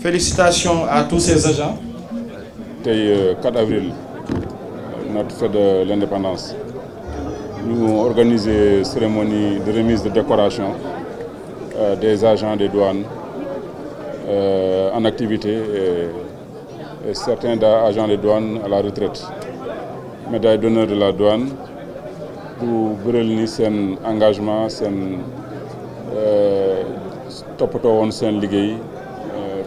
Félicitations à tous ces agents. le euh, 4 avril notre fête de l'indépendance Nous organisé une cérémonie de remise de décoration euh, des agents des douanes euh, en activité et, certains agents des douanes à la retraite médaille d'honneur de la douane pour brûler son engagement top topoto, woon ligue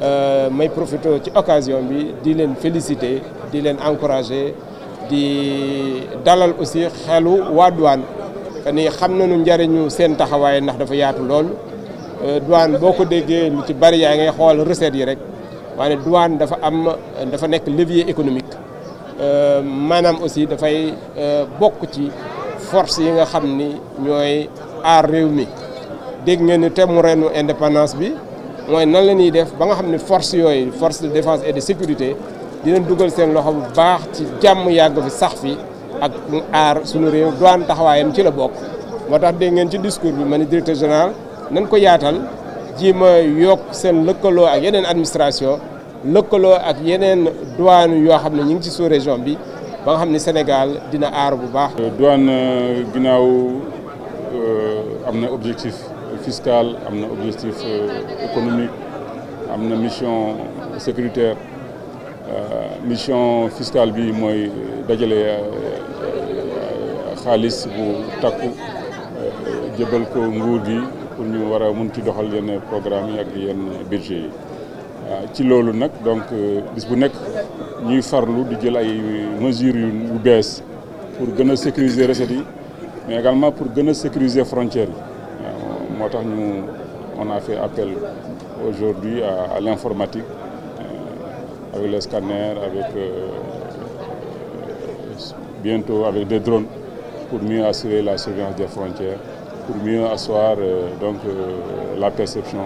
Euh, may profité ci occasion bi di leen féliciter di leen encourager di dalal aussi xelu wa douane que ni xam nañu njariñu seen taxawaay ndax dafa yaatu lool euh, douane boko déggé déggee lu ci bari ya nga xol recette yi rek waaye douane dafa am dafa nek levier économique euh manam aussi da dafay euh, bokk ci force yi nga xamni ñoy ar aar réew mi dégg ngeen ni thème mu reenu indépendance bi mooy nan la ñuy def ba nga xam ne force yooyu force de défence et de sécurité dinañ dugal seen loxo bu baax ci jàmm yàgg fi sax fi ak aar suñu réew douane taxawaayam ci la bokk. moo tax dégg ngeen ci discours bi ma ne directeur général nañ ko yaatal ji ma yokk seen lëkkaloo ak yeneen administration lëkkaloo ak yeneen douane yoo xam ne ñu ngi ci sous région bi ba nga xam ni Sénégal dina aar bu baax. douane euh, ginnaaw euh, am na objectif. fiscal à objectif euh, économique à mission sécuritaire euh, mission fiscale pour programme et budget euh, ci donc bis bu mesures pour recettes mais également pour sécuriser sécuriser frontières nous on a fait appel aujourd'hui à, l'informatique euh, avec les scanners avec euh, euh, bientôt avec des drones pour mieux assurer la surveillance des frontières pour mieux asseoir donc la perception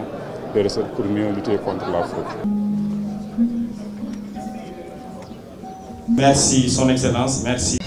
pour mieux lutter contre la fraude. Merci, Son Excellence, merci.